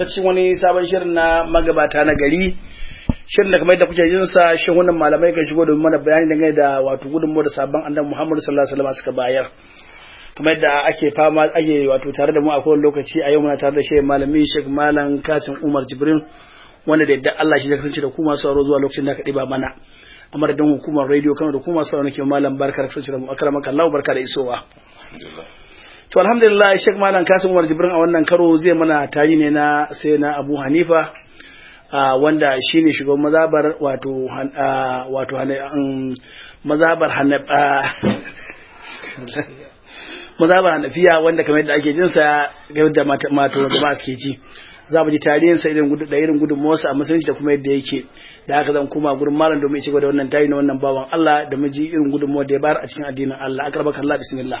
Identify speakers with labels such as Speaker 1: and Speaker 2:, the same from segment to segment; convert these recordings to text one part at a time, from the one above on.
Speaker 1: ta cikin wani sabon shirin na magabata na gari shirin da kamar da kuke jin sa shin wannan malamai kan shigo da mana bayani dangane da wato gudunmu da sabon annabi Muhammad sallallahu alaihi wasallam suka bayar kamar da ake fama ake wato tare da mu a kowane lokaci a yau muna tare da shehu malami Sheikh Malam Kasim Umar Jibrin wanda da yadda Allah shi ya kasance da ku masu sauraro zuwa lokacin da aka ɗiba mana da madadin hukumar rediyo kan da kuma sauraro nake malam barkar kasance da mu akrama Allah barka da isowa to alhamdulillah shek malam kasim umar jibrin a wannan karo zai mana tari ne na sai na abu hanifa wanda shine shugaban mazabar wato wato um, mazabar mazabar hanafiya wanda kamar yadda ake jinsa yadda mato ba suke ji za mu ji sa irin gudu da irin gudun a musulunci da kuma yadda yake da haka zan koma gurin malam domin ya ci gaba da wannan tarihi na wannan bawan Allah da mu ji irin gudun da ya bayar a cikin addinin Allah akarbakallah bismillah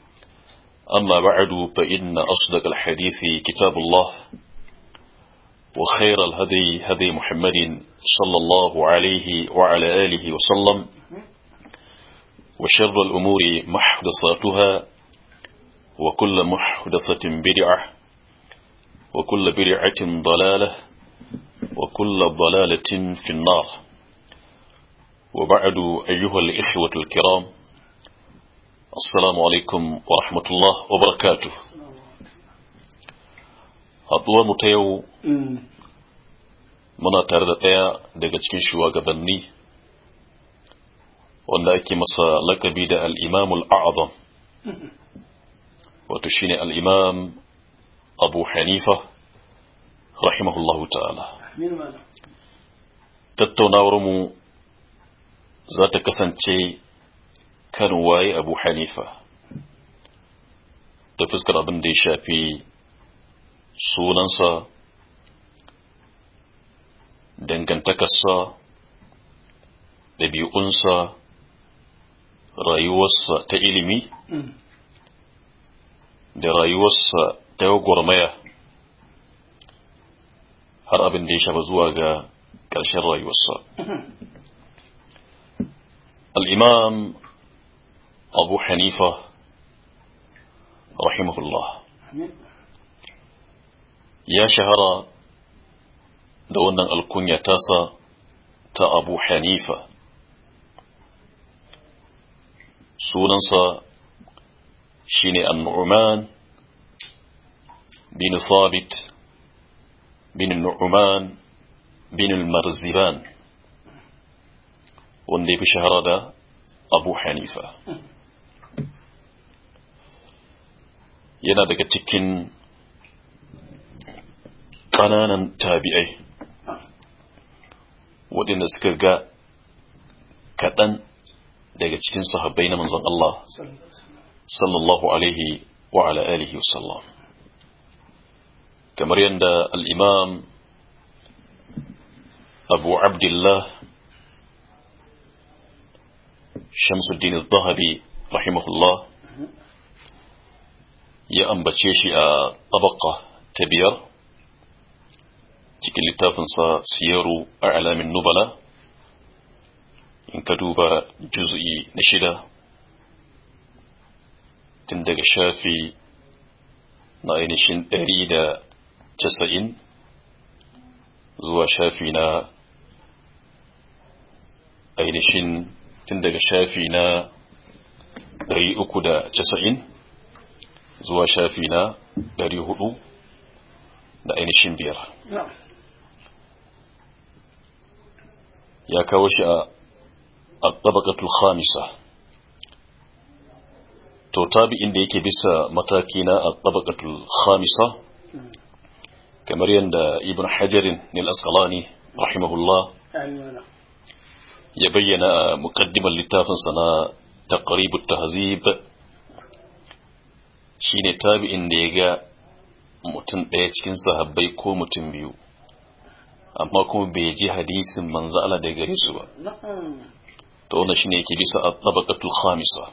Speaker 2: أما بعد فإن أصدق الحديث كتاب الله وخير الهدي هدي محمد صلى الله عليه وعلى آله وسلم وشر الأمور محدثاتها وكل محدثة بدعة وكل بدعة ضلالة وكل ضلالة في النار وبعد أيها الإخوة الكرام Assalamu alaikum wa rahmatullah wa barakatuh. Haɗuwar mu ta yau mm. muna tare da ɗaya daga cikin shugabanni wanda ake masa lakabi da al'imamul a'azam wato shine al'imam abu hanifa rahimahullahu ta'ala. Tattaunawar mu za ta kasance كان واي أبو حنيفة تفسكر أبن دي شابي سولنسا دنكن تكسا ببي أنسا رايوس تإلمي دي رايوس تيوغور ميا هر أبن دي شابي زواغا كالشر رايوس الإمام أبو حنيفة رحمه الله يا شهر دون الكنية تاسا تا أبو حنيفة سوننسا شيني النعمان بن ثابت بن النعمان بن المرزبان وندي بشهر دا أبو حنيفة yana daga cikin ƙananan tabi'ai waɗanda suka ga kaɗan daga cikin sahabbai na manzon Allah sallallahu alaihi wa ala alihi wasallam kamar yadda al'imam abu abdullah shamsuddin al-dhahabi rahimahullah ya ambace shi a tabaka ta biyar cikin littafinsa siyaru a alamin nubala in ka duba juzi na shida tun daga shafi na ainihin ɗari da casa'in zuwa shafi na ainihin tun daga shafi na ɗari uku da casa'in zuwa shafi na 400 da ainihin biyar ya kawo shi a tabakatul khamisa to tabi'in da yake bisa mataki na tabakatul khamisa kamar yadda ibn hajarin nil asqalani rahimahullah ya bayyana a muqaddimar littafinsa na taqribut tahzib shine tabi'in da ya ga mutum ɗaya cikin sahabbai ko mutum biyu amma kuma bai ji hadisin manzo Allah da gare su ba to wannan shine yake bisa a tabaqatul khamisa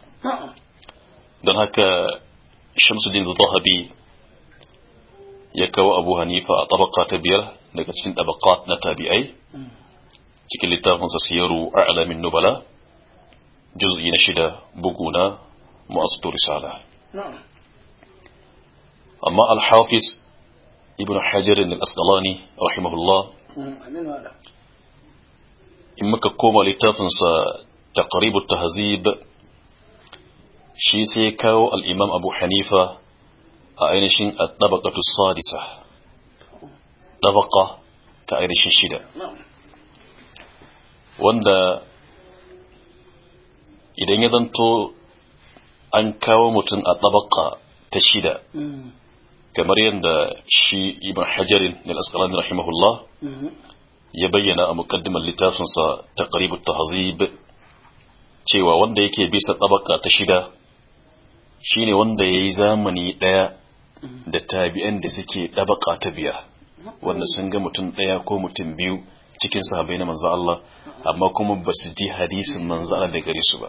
Speaker 2: dan haka Shamsuddin Zahabi ya kawo Abu Hanifa a tabaka ta biyar daga cikin tabaqat na tabi'ai cikin littafinsa siyaru a alamin nubala juz'i na shida bugu na masu risala amma al-hafiz ibn hajar al-asqalani rahimahullah in muka koma littafinsa taqribu tahzib shi sai kawo al-imam abu hanifa a ainihin at-tabaqatu sadisa tabaqa ta ainihin shida wanda idan ya zanto an kawo mutum a tabaka ta shida kamar yadda shi ibn hajarin al-asqalani rahimahullah ya bayyana a mukaddimar littafinsa taqribut tahzib cewa wanda yake bisa tabaka ta shida shine wanda yayi zamani daya da tabi'an da suke tabaka ta biya wanda sun ga mutum daya ko mutum biyu cikin sahabbai na manzo Allah amma kuma basu ji hadisin manzo Allah da gare su ba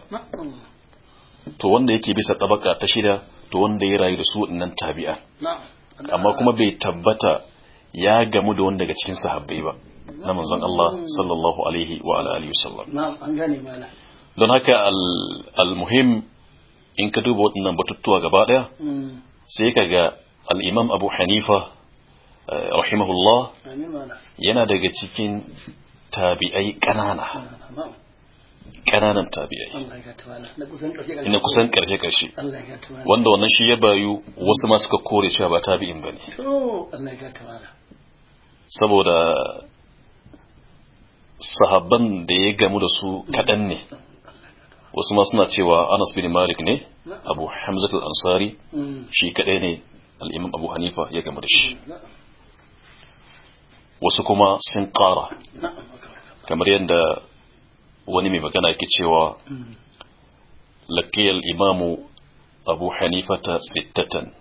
Speaker 2: to wanda yake bisa tabaka ta shida to wanda ya rayu da su waɗannan tabi'a amma kuma bai tabbata ya gamu da wanda daga cikin sahabbai ba na manzon Allah sallallahu alaihi wa alihi don haka al-muhim in ka duba waɗannan batutuwa gaba ɗaya hmm. sai ka ga al-imam Abu Hanifa eh, rahimahullah yana daga cikin tabi'ai ƙanana ƙananan tabi'ai
Speaker 3: ina kusan ƙarshe ƙarshe wanda wannan
Speaker 2: shi ya bayu wasu ma suka kore cewa ba tabi'in ba ne saboda sahabban da ya gamu da su kaɗan ne wasu ma suna cewa anas bin malik ne abu hamzat al-ansari shi kaɗai ne al'imam abu hanifa ya gamu da shi wasu kuma sun ƙara kamar yadda wani mai magana yake cewa laqiyal imamu abu hanifata sittatan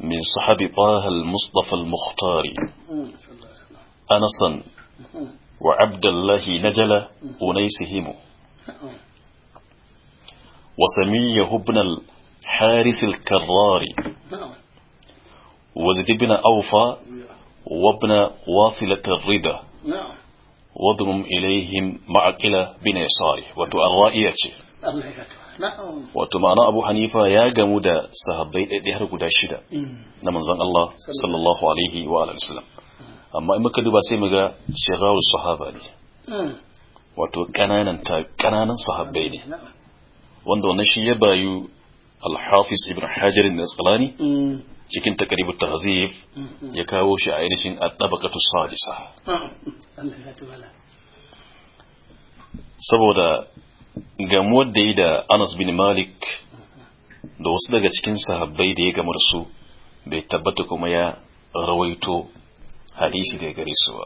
Speaker 2: min sahabi taha al-mustafa al-mukhtari anasan wa abdullahi najala unaysihim وسميه ابن الحارث الكراري وزيد بن أوفى وابن wasilatar rida wadrum ilaihim ma'aqila bin isari wato arra'iya ce wato ma'ana abu hanifa ya gamu da sahabbai ɗaiɗai har guda shida na manzon Allah sallallahu alaihi wa alihi wasallam amma in muka duba sai mu ga shirarul sahaba ne wato kananan ta kananan sahabbai ne wanda wannan shi ya bayu al-hafiz ibn hajar al-asqalani cikin taqribut tahzib
Speaker 3: mm-hmm.
Speaker 2: ya kawo shi a ainihin at-tabaqatu sadisa saboda gamuwar da yi da Anas bin Malik da wasu daga cikin sahabbai da ya gamar su bai tabbata kuma ya rawaito hadisi da ya gare su ba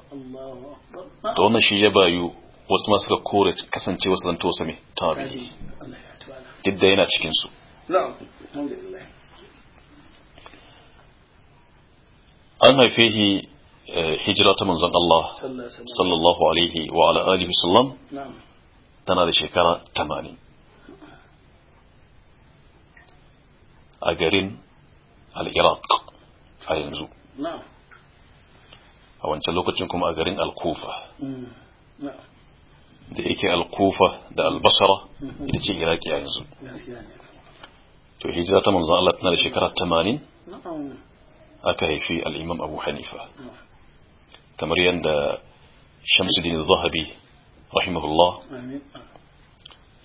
Speaker 2: da wannan shi ya bayu wasu masu ka kore kasance wasu zanto tabi duk da yana cikinsu أما فيه hijira ta manzon Allah sallallahu alaihi wa ala alihi sallam tana da shekara 80 a garin al-Iraq a yanzu a wancan lokacin kuma a garin al-Kufa da yake al-Kufa da al-Basra ita ce Iraki a yanzu to hijira ta manzon Allah tana da shekara 80 aka haifi al'imam abu hanifa kamar yadda shamsuddin zahabi rahimahullah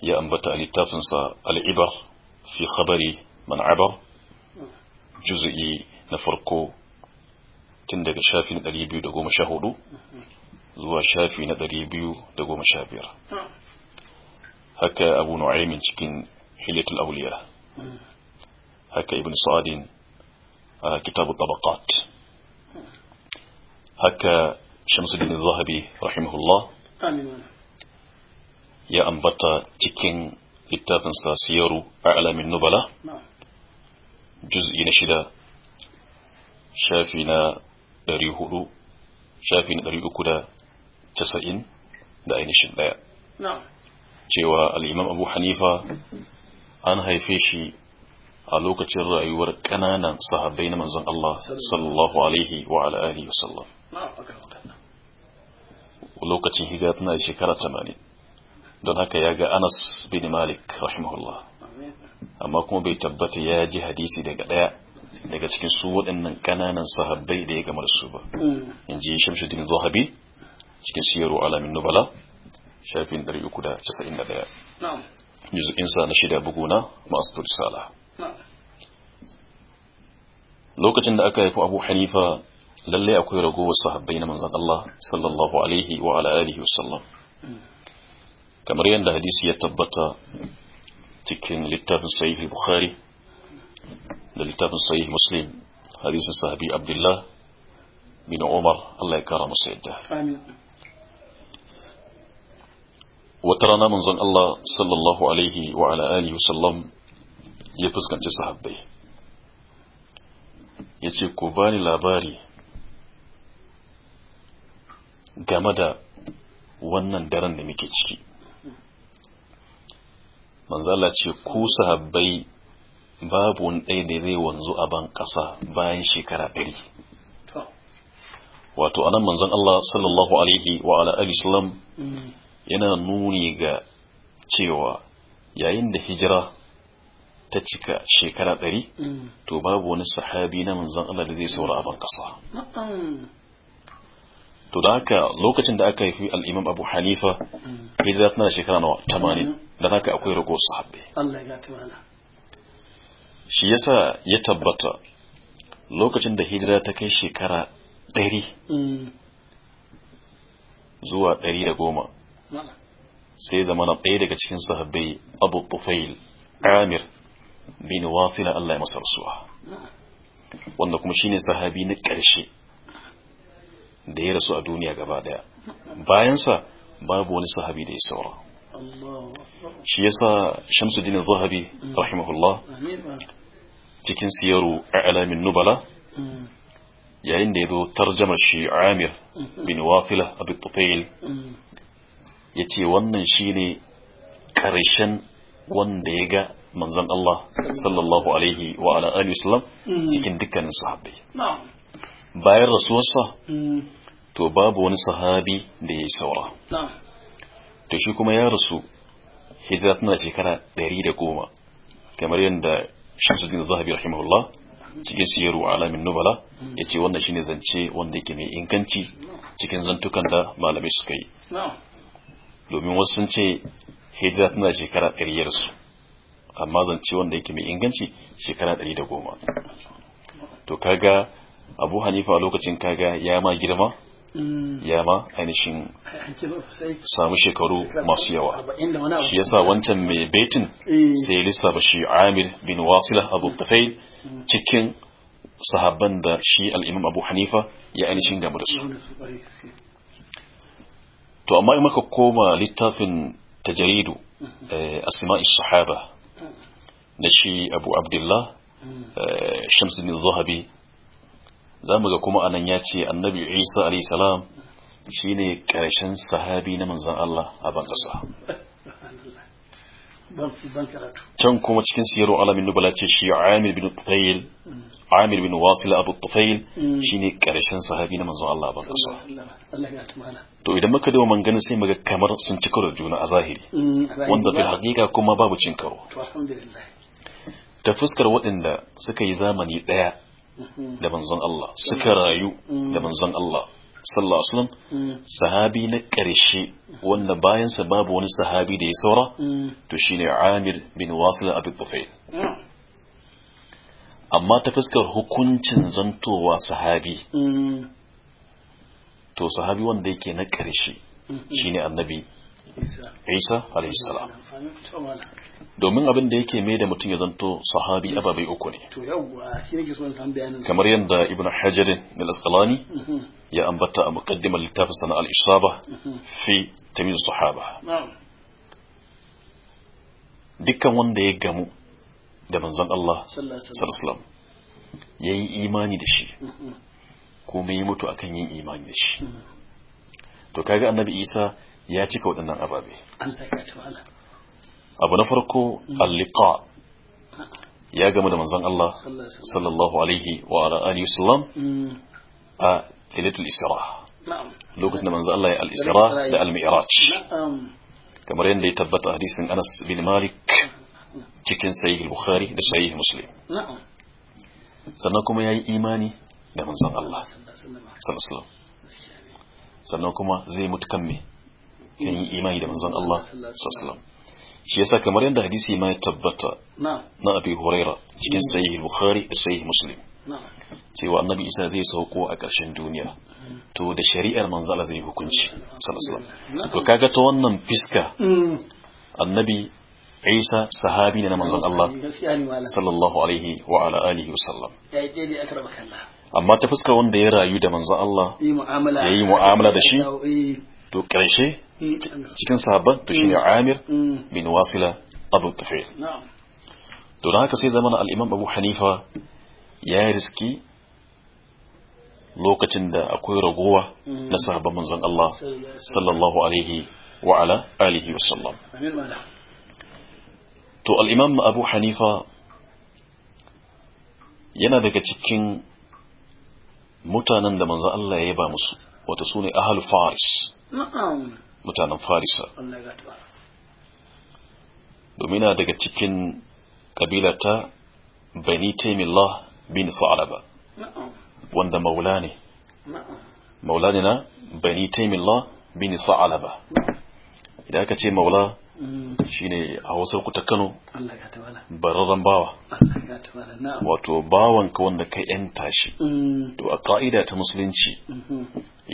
Speaker 2: ya ambata a littafinsa al'ibar fi khabari man abar juzu'i na farko tun daga shafi na 214 zuwa shafi na 215 haka abu nu'aymin cikin hilatul auliya haka ibn sa'adin آه، كتاب الطبقات هكا شمس الدين الذهبي رحمه الله يا أنبطا تكين كتاب سيارو أعلى من نبلة نعم. جزء نشدة شافنا ريهولو شافنا ريهوكو دا تسعين دا أي نشد نعم جوا الإمام أبو حنيفة أنا هاي فيشي a lokacin rayuwar ƙananan sahabbai na manzon Allah sallallahu alaihi wa ala alihi wa sallam lokacin hijira tana da shekara 80 don haka ya ga Anas bin Malik rahimahullah amma kuma bai tabbata ya ji hadisi daga daya daga cikin su waɗannan ƙananan sahabbai da ya gamar su ba in ji Shamsuddin Zahabi cikin siyaru alamin nubala shafin 391 juz'in sa na shida buguna masu tursala lokacin da aka haifi abu hanifa lallai akwai ragowar sahabbai na manzan Allah sallallahu alaihi wa alihi wasallam kamar yadda hadisi ya tabbata cikin littafin sahihi bukhari da littafin sahihi muslim hadisin sahabi abdullah bin umar Allah ya kara masa yadda wata rana manzan Allah sallallahu alaihi wa alihi wasallam ya fuskanci sahabbai ya ce ku bani labari game da wannan daren da muke ciki manzala ce ku sahabbai babu wani ɗaya da zai wanzu a ban ƙasa bayan shekara ɗari wato anan manzan Allah sallallahu alaihi wa ala mm. yana nuni ga cewa yayin da hijira ta cika shekara ɗari mm. to babu wani sahabi na manzon Allah da zai saura a
Speaker 3: ban
Speaker 2: to da haka lokacin da aka haifi al'imam abu hanifa mm. hijira tana da shekara nawa tamanin da haka akwai rago sahabbai shi yasa ya tabbata lokacin da hijira ta kai shekara ɗari mm. zuwa ɗari da goma sai zama na ɗaya daga cikin sahabbai abu tufail amir bin wafila Allah ya masa rasuwa wanda kuma shine sahabi na ƙarshe da ya rasu a duniya gaba daya bayansa babu wani sahabi da ya saura shi yasa shamsuddin zahabi rahimahullah cikin siyaru a alamin nubala yayin da ya zo tarjamar shi amir bin wafila abu tufail ya ce wannan shi ne ƙarshen wanda ya ga manzon Allah sallallahu alaihi wa ala alihi wasallam mm. cikin dukkanin sahabbai bayan rasuwarsa mm. to babu wani sahabi da ya saura to shi kuma ya rasu hijira tana shekara da goma. kamar yadda Shamsuddin Zahabi rahimahullah cikin siyaru alamin nubala mm. ya ce wannan shine zance wanda yake mai inganci cikin zantukan da malamai suka yi domin wasu sun ce hijira tana shekara ɗariyar amma zance wanda yake mai inganci shekara 110 to kaga abu hanifa lokacin kaga ya ma girma mm. ya ma ainihin samu shekaru masu yawa shi yasa wancan mai betin eh. sai ya lissafa shi amir bin wasila abu tafai mm. cikin sahabban da shi al'imam abu hanifa ya ainihin gamu da su to amma in maka koma littafin tajaridu mm-hmm. eh, asma'i sahaba na shi abu abdullah eh, shamsuddin zahabi za mu ga kuma anan ya ce annabi isa alaihissalam shi ne ƙarshen sahabi na manzan Allah a ban can kuma cikin siyarwa alamin nubala ce shi amir bin tufail mm. amir bin wasila abu tufail mm. shi ne ƙarshen sahabi na manzan Allah a ban to idan muka dawo man ganin sai muga kamar sun ci juna a zahiri
Speaker 3: mm, wanda bil
Speaker 2: haƙiƙa kuma babu cin karo ta fuskar waɗanda suka yi zamani ɗaya da manzon Allah suka rayu da manzon Allah sallallahu alaihi wasallam sahabi na ƙarshe wanda bayansa babu wani sahabi da ya saura to shine Amir bin Wasil Abi Tufail amma ta fuskar hukuncin zantowa sahabi to sahabi wanda yake na ƙarshe shine annabi Isa alaihi salam domin abin da yake mai da mutum ya zanto sahabi ababai uku ne kamar yadda ibn hajar al-asqalani mhm. ya ambata a muqaddimar littafin sana al-isaba mhm. fi tamyiz sahaba dukkan wanda ya gamu da manzon Allah sallallahu alaihi wasallam imani da shi mhm. kuma yi mutu akan yin imani da shi to kaga annabi Isa ya cika waɗannan ababe abu na farko al-liqa ya gamu da manzon Allah sallallahu alaihi wa ala alihi wasallam a lailatul isra lokacin da manzon Allah ya al-isra da al-mi'raj kamar yadda ya tabbata hadisin Anas bin Malik cikin sahih al-Bukhari da sahih Muslim sannan kuma yayi imani da manzon Allah sallallahu sannan kuma zai mutu kan me
Speaker 3: yayin imani da
Speaker 2: manzon Allah sallallahu shi yasa kamar yadda hadisi ma ya tabbata na abi huraira cikin mm. sahih bukhari da sahih muslim cewa annabi isa zai sauko a ƙarshen duniya to da shari'ar manzala zai hukunci sallallahu alaihi to kaga ta wannan fiska mm. annabi Isa sahabi ne na manzon mm. Allah sallallahu alaihi wa ala alihi wasallam amma ta fuskar wanda ya rayu da manzon Allah
Speaker 1: yayi mu'amala da shi eh.
Speaker 2: to ƙarshe
Speaker 3: cikin
Speaker 2: sahabban to shine Amir bin Wasila Abu Tafil to haka sai zamanin al Abu Hanifa ya riski lokacin da akwai ragowa mm. na sahabban manzon Allah sallallahu alaihi wa ala alihi wasallam to al Abu Hanifa yana daga cikin mutanen da manzon Allah ya yaba musu wato sune ahlul faris mutanen farisa domin daga cikin kabilata bani taimillah bin fa'alaba wanda maula ne maula ne na bani taimillah bin fa'alaba idan aka ce maula shi ne a hausar ku ta kano bararren bawa wato bawanka wanda ka yanta shi to a ka'ida ta musulunci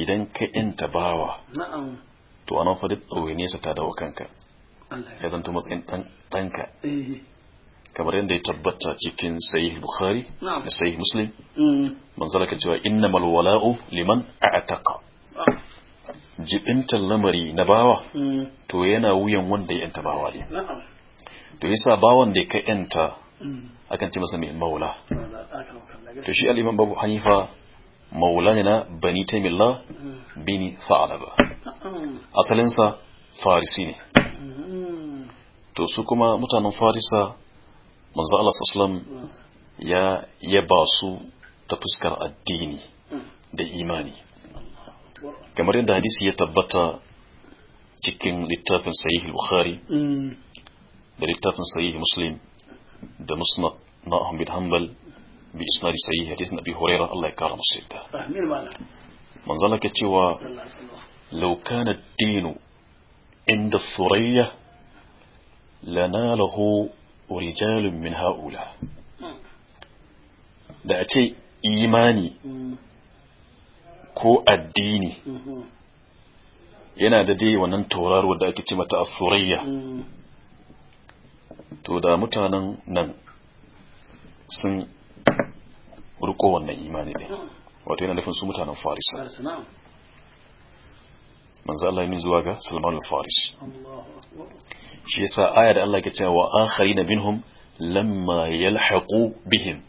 Speaker 2: idan ka yanta bawa to anan faɗi duk ɗawainiyarsa ta dawo kanka ya zanto matsayin ɗanka eh. kamar yadda ya tabbata cikin sahih bukhari da sahih muslim mm. manzala ka cewa inna wala'u liman a'taqa ah. jibintar lamari na bawa mm. to yana wuyan wanda ya yanta bawa ne to yasa bawan da ka yanta mm. akan ce masa mai maula to shi al-imam babu hanifa maula ne na bani taimillah bini fa'alaba asalinsa farisi ne to su kuma mutanen farisa manzo Allah sallam ya yaba su ta fuskar addini da imani kamar yadda hadisi ya tabbata cikin littafin sahih bukhari da littafin sahih muslim da musnad na ahmad bin hanbal bi isnadi sahih hadisin abi hurairah Allah ya kara masa yadda manzo Allah ke cewa لو كان الدين عند الثرية لناله رجال من هؤلاء da a ce imani ko addini yana da dai wannan tauraro da ake ce ta asurayya to da mutanen nan sun riko wannan imani wato yana nufin su mutanen farisa manzo Allah ne zuwa ga Salman al-Faris shi yasa aya da Allah ke cewa wa akharina minhum lamma yalhaqu bihim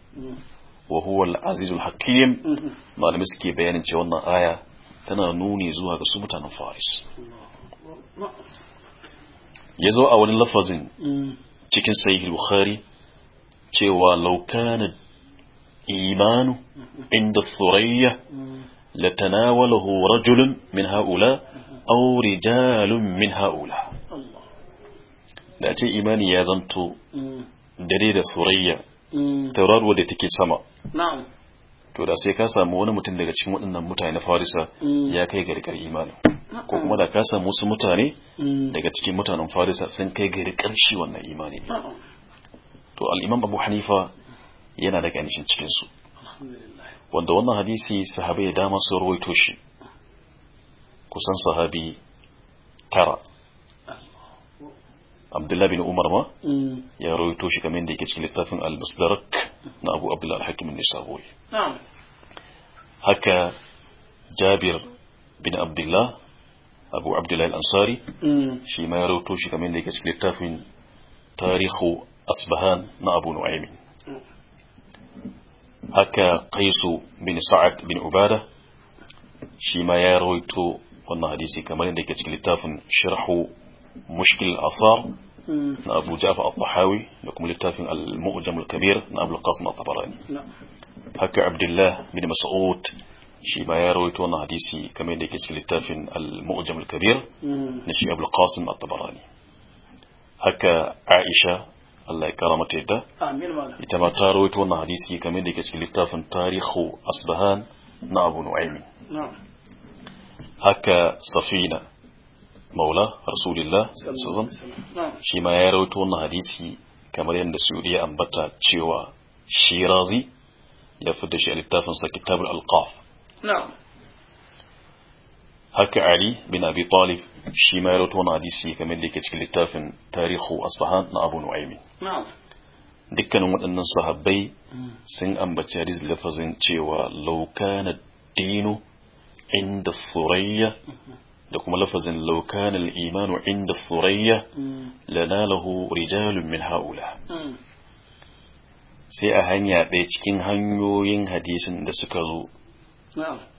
Speaker 2: wa huwa al-aziz al-hakim malami suke bayanin cewa wannan aya tana nuni zuwa ga su mutanen Faris yazo a wani lafazin cikin sahih al-Bukhari cewa law kana imanu inda thuriyya latanawalahu rajulun min ha'ula aw rijalun min haula da ce imani ya zanto dare da surayya tauraruwa da take sama to da sai ka samu wani mutum daga cikin waɗannan mutane na farisa mm. ya kai garkar imani ko kuma da ka samu wasu mutane mm. daga cikin mutanen farisa sun kai garkar shi wannan imani to al'imam abu hanifa yana daga cikin cikinsu wanda wannan hadisi sahabai da dama sun rawaito shi كسان صحابي ترى عبد الله بن عمر ما يا روي توشي كمان دي كيتش لتافن المصدرك نابو عبد الله الحكيم النسابوي نعم هكا جابر بن عبد الله أبو عبد الله الأنصاري شي ما يرو توشي كمان ليك شكلتا من تاريخ أصبهان نا أبو نعيم هكا قيس بن سعد بن عبادة شي ما يرو wannan hadisi kamar yadda ke cikin littafin sharhu mushkil athar na abu Jafar al-tahawi da kuma littafin al-mu'jam al-kabir na abu al qasim al-tabarani haka abdullah bin mas'ud shi ba ya rawaito wannan hadisi kamar yadda ke cikin littafin al-mu'jam al-kabir na shi abu al qasim al-tabarani haka aisha Allah ya kara mata yadda ita ma ta rawaito wannan hadisi kamar yadda ke cikin littafin tarihu asbahan na abu Nu'aym nu'aymi هكا صفينا مولا رسول الله صلى الله عليه وسلم شما يروي هديسي حديثي كما ين السعودية أن بتا شيرازي يفدش الكتاب يعني في كتاب الألقاف نعم. هكا علي بن أبي طالب شما يروي تون حديثي كما ين لكتش الكتاب تاريخ أصفهان نعبو نعيمي نعم. دكا نمت أن الصحابي سن أن بتا رز لفظ تشوا لو كان الدين عند الثريا لكم لفظ لو كان الإيمان عند الثريا لناله رجال من هؤلاء sai a hanya ɗaya cikin hanyoyin hadisin da suka zo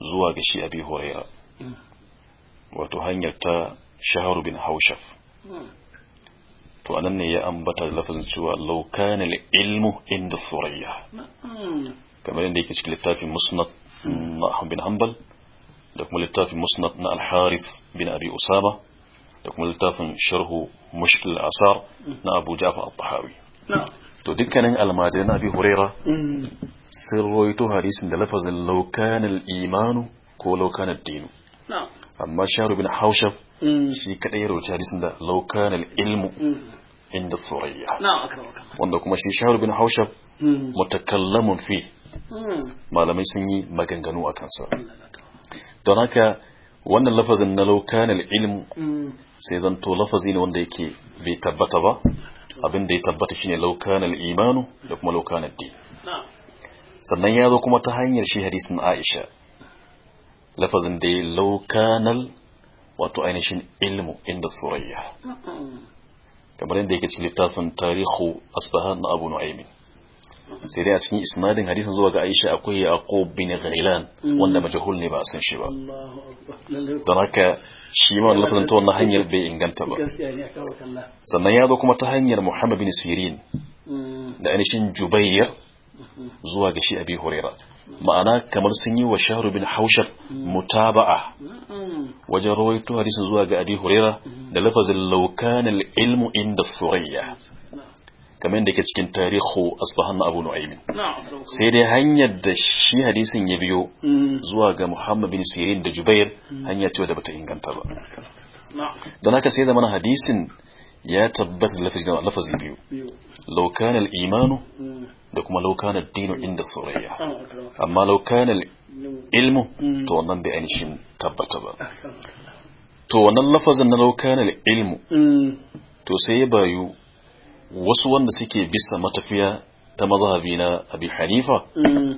Speaker 2: zuwa ga shi abi huraira wato hanyar ta shaharu bin haushaf to anan ne ya ambata lafazin cewa law kana ilmu inda thuriya kamar yadda yake cikin littafin musnad na bin hanbal da kuma littafin musnad na al-haris bin abi usama da kuma littafin sharhu mushkil asar na abu jafar al-tahawi to dukkanin almajirai na abi huraira sun roito hadisin da lafazin laukanin imanu ko laukanin dinu amma sharu bin haushaf shi kadai ya roci hadisin da laukanin ilmu inda surayya wanda kuma shi sharu bin haushaf mutakallamun fi malamai sun yi maganganu a kansa don haka wannan lafazin na laukan ilmu mm. sai zanto lafazi ne wanda yake bai tabbata ba abin da ya tabbata shine laukan imanu da kuma laukan din sannan ya zo kuma ta hanyar shi hadisin Aisha lafazin da ya laukanal wato ainihin ilmu inda surayya kamar yadda yake cikin littafin tarihu asbahan na abu sai dai a cikin isnadin hadisin zuwa ga Aisha akwai Yaqub bin Ghailan wanda majhul ne ba a san shi ba don haka shi ma wannan lafazin ta wannan hanyar bai inganta ba sannan ya zo kuma ta hanyar Muhammad bin Sirin mm. da ainihin Jubayr mm-hmm. zuwa ga shi Abi Hurairah ma'ana kamar sun yi wa Shahru bin Haushab mm. mutaba'a wajen rawaito hadisin zuwa ga Abi Hurairah da lafazin law kana al-ilmu inda Surayya kamar da ke cikin tarihu asbahan na abu nu'aymin sai dai hanyar da shi hadisin ya biyo mm. zuwa ga muhammad bin sirin da jubair mm. hanya ce da bata inganta ba don haka sai da mana hadisin ya tabbata da lafazi biyu laukanar imanu mm. da kuma laukanar dino inda soraya amma laukanar ilmu to wannan bai ainihin tabbata ba to wannan lafazin na laukanar ilmu to sai ya bayu wasu wanda suke bisa matafiya ta mazhabi na abi hanifa mm.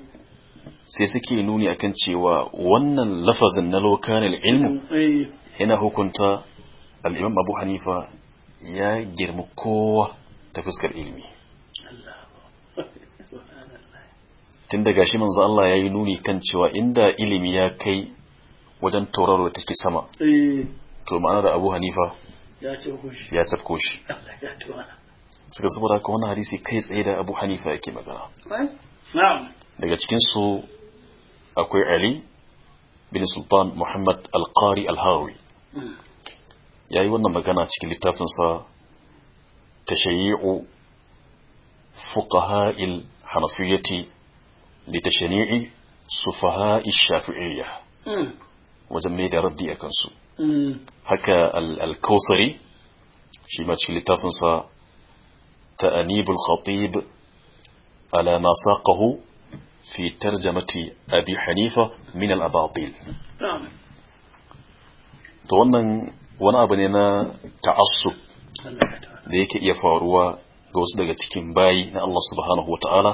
Speaker 2: sai suke nuni akan cewa wannan lafazin na lokanin ilmu eh. yana hukunta al'imam abu hanifa ya girma kowa ta fuskar ilmi tun daga shi manzo Allah ya yi nuni kan cewa inda ilimi ya kai wajen tauraro da take sama eh. to ma'ana da abu hanifa ya tafko shi suka saboda haka wani hadisi kai tsaye da abu hanifa yake magana daga cikinsu akwai ali bin sultan muhammad alqari alhawi hmm. ya yi wannan magana cikin littafinsa ta shayi'u fuqaha'il hanafiyyati litashani'i sufaha'il shafi'iyya hmm. wajen mai da raddi a kansu hmm. haka alkausari shi ma cikin littafinsa تأنيب الخطيب على ما ساقه في ترجمة أبي حنيفة من الأباطيل نعم wannan wani abu ne na ta'assub da yake iya faruwa ga wasu daga cikin bayi na Allah subhanahu wa ta'ala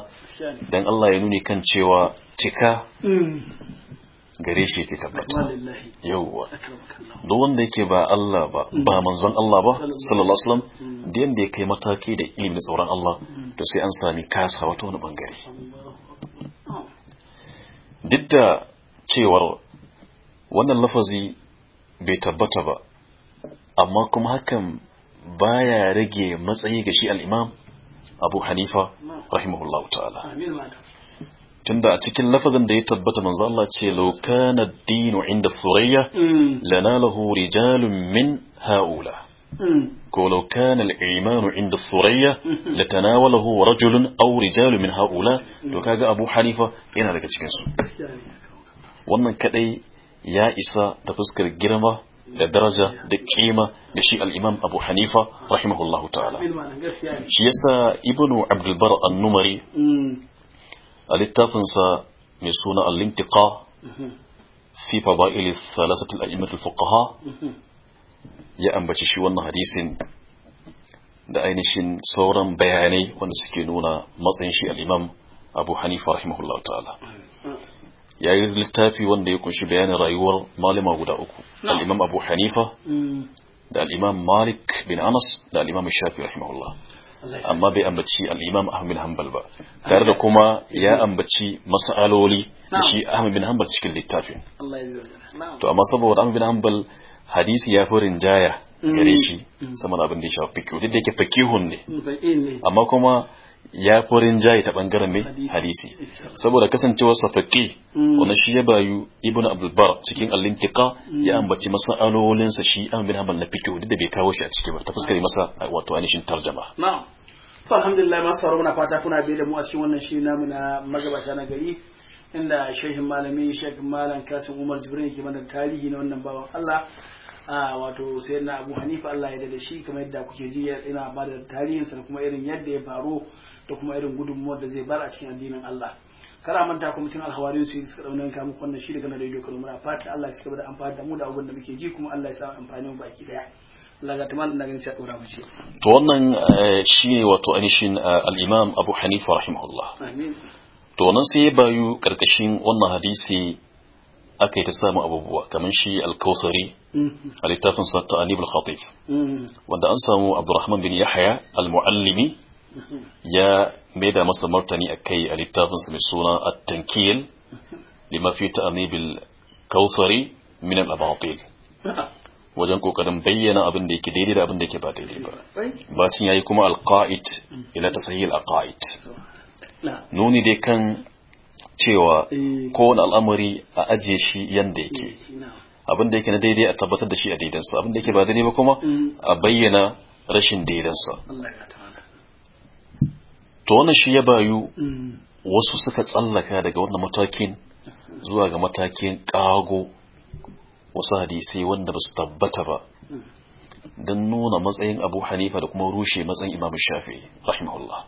Speaker 2: don Allah ya nuni kan cewa cika mm. gare shi ke tabbata yauwa duk wanda yake ba Allah ba mm. ba manzon Allah ba sallallahu alaihi wasallam da yanda ya kai mataki da ilimin tsoron Allah mm. to sai an sami kasa wata wani bangare duk da cewar wannan lafazi bai tabbata ba amma kuma hakan baya rage matsayi ga shi al-Imam Abu Hanifa rahimahullahu ta'ala tunda a cikin lafazin da ya tabbata manzo Allah ce law kana ad din 'inda thuriyya lana lahu rijalun min haula ko law kana al-iman 'inda thuriyya latanawalahu rajulun aw rijalun min haula to kaga Abu Hanifa yana daga cikin su wannan kadai ya isa da fuskar girma da daraja da kima da shi al-imam abu hanifa rahimahullahu ta'ala shi yasa ibnu an-Numari a littafinsa mai suna al-intiqa fi fada'il thalathati al-a'immat fuqaha ya ambaci shi wannan hadisin da ainihin sauran bayanai wanda suke nuna matsayin shi al-imam Abu Hanifa rahimahullahu ta'ala ya yi littafi wanda ya kunshi bayanin rayuwar malama guda uku al-imam Abu Hanifa mm. da al-imam Malik bin Anas da al-imam Shafi rahimahullahu amma bai ambaci al'imam imam ahmad bin hanbal ba tare da kuma ya ambaci mas'aloli da shi ahmad bin hanbal cikin littafin to amma saboda ahmad bin hanbal hadisi ya fi rinjaya gare mm. shi mm. sama da abin da ya shafi fikihu duk da yake fakihun ne amma kuma ya furin jayi ta bangaren mai hadisi saboda kasancewa safaki mm. wani shi ya bayu ibn abdulbar cikin alintika mm. ya ambaci masa alolinsa shi an bin hamal na fikiyo duk da bai kawo shi a ciki ba ta fuskari masa wato ainihin tarjama
Speaker 1: to alhamdulillah masu sauraro muna fata kuna bai da mu a cikin wannan shi namu na magabata na gari inda shehin malami shehin malam kasim umar jibrin ke mana tarihi na wannan bawan allah wato sai na abu hanifa allah ya da shi kamar yadda kuke ji ina ba da tarihin sa kuma irin yadda ya faru da kuma irin gudunmuwar da zai bar a cikin addinin allah kada manta kuma tun alhawarin su suka dauna yanka muku wannan shi daga na radio kano muna fata allah ya da amfani da mu da abin da muke ji kuma allah ya sa amfanin baki daya to
Speaker 2: wannan eh, shi wato anishin eh, Al imam abu hanifa rahimahullah to wannan sai ya bayu karkashin wannan hadisi aka yi ta samun abubuwa kamar shi alkausari mm-hmm. a littafin sa ta'anib khatif mm-hmm. wanda an samu abdurrahman bin yahya al-muallimi mm-hmm. ya maida masa martani akai a littafin sa mai suna a tankil lima fi ta'anib al-kausari min al-abatil wajen kokarin bayyana abin da yake daidai da abin da yake ba daidai ba bacin yayi kuma al-qa'id ila tasahil al nuni dai kan cewa eh. kowane al'amari a ajiye shi yadda yake eh, abin da yake na daidai a tabbatar da shi a daidansa abin da yake ba daidai ba kuma mm. a bayyana rashin daidansa to wannan shi ya bayu mm. wasu suka tsallaka daga wannan matakin zuwa ga matakin ƙago wasu hadisai wanda ba su tabbata ba mm. don nuna matsayin abu hanifa da kuma rushe matsayin imam shafi rahimahullah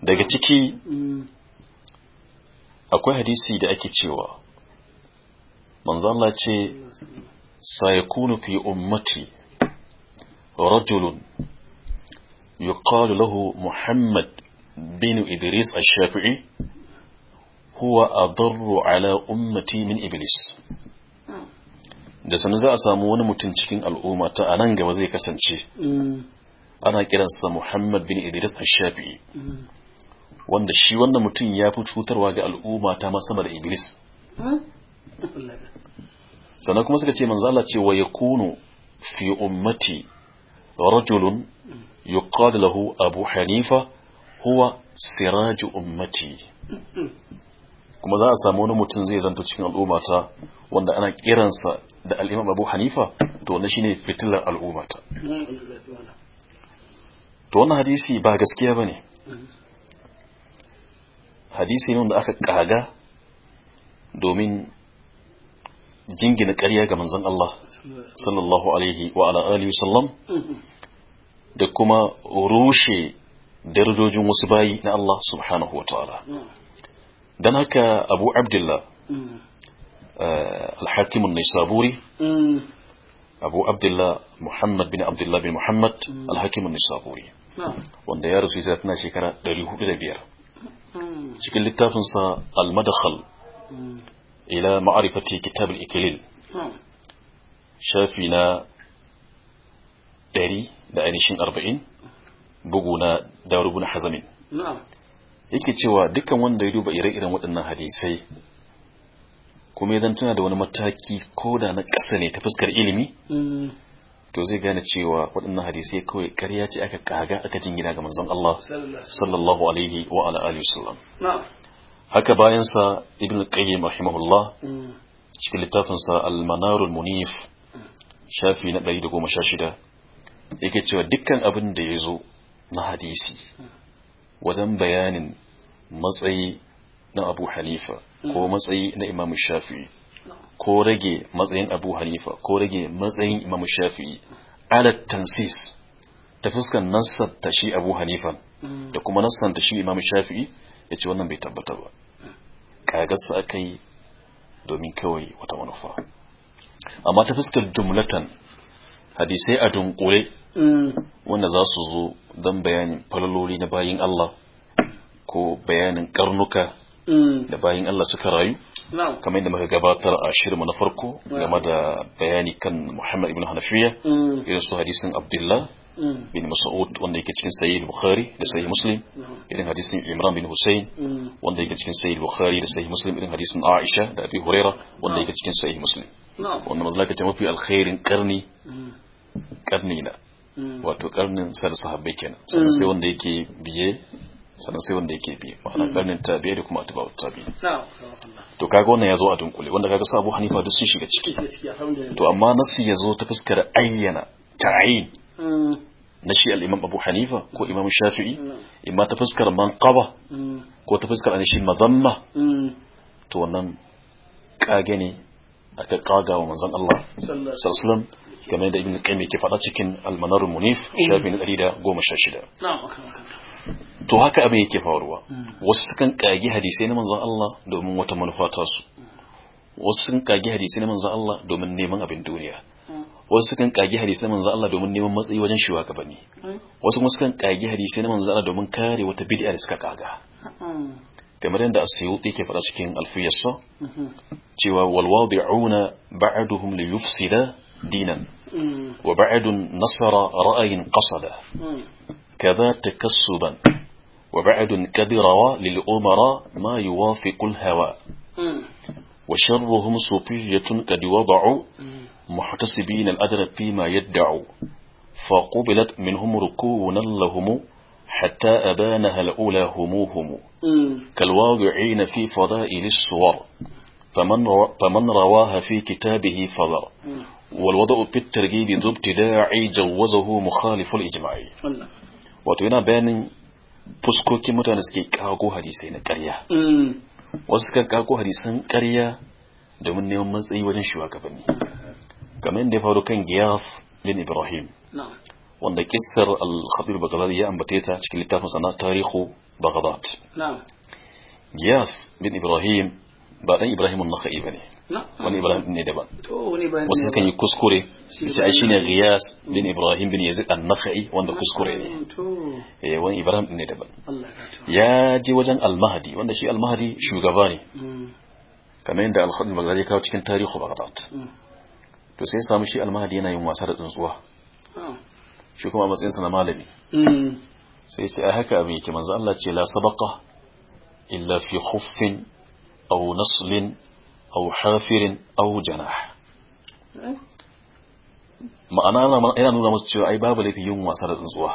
Speaker 2: daga ciki akwai hadisi da ake cewa manzo Allah ce sayakunu fi ummati rajulun yuqalu lahu Muhammad bin Idris ash-Shafi'i huwa adarru ala ummati min iblis da sanu za a samu wani mutum cikin al'umma ta anan gaba zai kasance mm. ana kiransa Muhammad bin Idris ash-Shafi'i mm. wanda shi wannan mutum ya fi cutarwa ga al'umma ta sama da iblis sannan kuma suka ce manzala ce wa ya kuno fi ummati rajulun yuqad lahu abu hanifa huwa siraju ummati kuma za a samu wani mutum zai zanto cikin al'ummata wanda ana kiransa da al'imam abu hanifa to shi ne fitilar al'ummata to wannan hadisi ba gaskiya ba ne? Mm-hmm. hadisi ne wanda aka kaga domin jingina ƙarya ga manzan Allah sallallahu alaihi wa ala alihi sallam da kuma rushe darajojin wasu bayi na Allah subhanahu wa ta'ala dan haka Abu Abdullah eh, al-Hakim an-Nisaburi Abu Abdullah Muhammad bin Abdullah bin Muhammad al-Hakim an-Nisaburi wanda ya rasu sai tana shekara 405 cikin littafinsa al-madakhal ila ma'arifati kitab al-ikilil shafi na 100 da ainihin arba'in bugu na darubun hazamin yake cewa dukkan wanda ya duba ire-iren waɗannan hadisai kuma ya tana da wani mataki ko da na ƙasa ne ta fuskar ilimi mm. to zai gane cewa waɗannan hadisai kawai ƙarya ce aka kaga aka gida ga manzon Allah sallallahu alaihi wa ala alihi haka bayan sa ibn qayyim rahimahullah mm. cikin littafin sa al-manarul munif shafi na 116 yake cewa dukkan abin da ya zo na hadisi wajen bayanin matsayi na Abu Hanifa ko mm. matsayi na Imam Shafi'i ko rage matsayin abu hanifa ko rage matsayin imam shafi'i ala tansis ta fuskan nassanta shi abu hanifa da kuma nasanta shi imam shafi'i ya ce wannan bai tabbata ba kagarsa aka yi domin kawai wata manufa amma ta fuskar jumlatan hadisai a dunkule wanda za su zo don bayanin falaloli na bayin Allah ko bayanin karnuka da bayin Allah suka rayu kamar yadda muka gabatar a shirinmu na farko game da bayani kan Muhammad ibn Hanafiya mm. irin su hadisin Abdullah mm. bin Mas'ud wanda yake cikin Sahih Bukhari da Sahih Muslim irin hadisin Imran bin Hussein mm. wanda yake cikin Sahih Bukhari da Sahih Muslim irin hadisin Aisha da Abi Huraira wanda yake cikin Sahih Muslim wanda mazlaka ta mafi alkhairin karni karni na wato karnin sa da sahabbai kenan sannan sai wanda yake biye sannan sai wanda yake bi ma'ana karnin mm. tabi'i da kuma ta tabi'i to kaga wannan yazo a dunkule wanda kaga Abu Hanifa duk sun shiga ciki to amma nasi zo ta fuskar ayyana ta'ayin mm. na shi al-Imam Abu Hanifa ko mm. Imam Shafi'i imma ta fuskar manqaba ko ta fuskar anishi madamma to wannan kage ne aka kaga wa manzon Allah sallallahu alaihi wasallam game da ibn qayyim yake faɗa cikin al-manar munif shafi na 116 na'am to haka abin yake faruwa hmm. wasu sukan kagi hadisai na manzon Allah domin wata manufa ta su hmm. wasu sukan kagi hadisai na manzon Allah domin neman abin duniya hmm. wasu sukan kagi hadisai na manzon Allah domin neman matsayi wajen shugabanni wasu kuma sukan kagi hadisai na manzon Allah domin kare wata bid'a da suka kaga kamar yadda asyuti ke fara cikin alfiyarsa cewa wal wadi'una ba'duhum li yufsida dinan wa ba'dun nasara ra'ayin qasada kaza takassuban وبعد كدروا للأمراء ما يوافق الهوى وشرهم صوفية قد وضعوا محتسبين الأجر فيما يدعوا فقبلت منهم ركون لهم حتى أبانها الأولى هموهم كالواضعين في فضائل الصور فمن, فمن رواها في كتابه فضر والوضع في الترغيب ذو ابتداعي جوزه مخالف الإجماعي وتوينا بين fuskokin mutane suke kago hadisai na ƙarya wasu suka kago hadisan ƙarya domin neman matsayi wajen shugabanni kamar da ya faru kan giyaf bin ibrahim wanda kissar al-khabir baghdadi ya ambate ta cikin littafin sana tarihu baghdad giyas bin ibrahim ba dan ibrahim an-nakhai bane wani ibrahim ne daban wasu sukan yi kuskure su ai shine ghiyas bin mm. ibrahim bin yazid an-nafi wanda kuskure ne eh, wani ibrahim ne daban ya je wajen al-mahdi wanda shi al-mahdi shugaba ne mm. kamar yadda al-khadim al kawo cikin tarihi baghdad mm. to sai ya samu shi al-mahdi yana yin wasa da tsuntsuwa ah. shi kuma a matsayinsa na malami sai ce a haka abin yake manzo Allah ce la sabaqa illa fi khuffin aw naslin au firin au jana. ma'ana yana nuna musu cewa ai babu laifin yin wasa da tsuntsuwa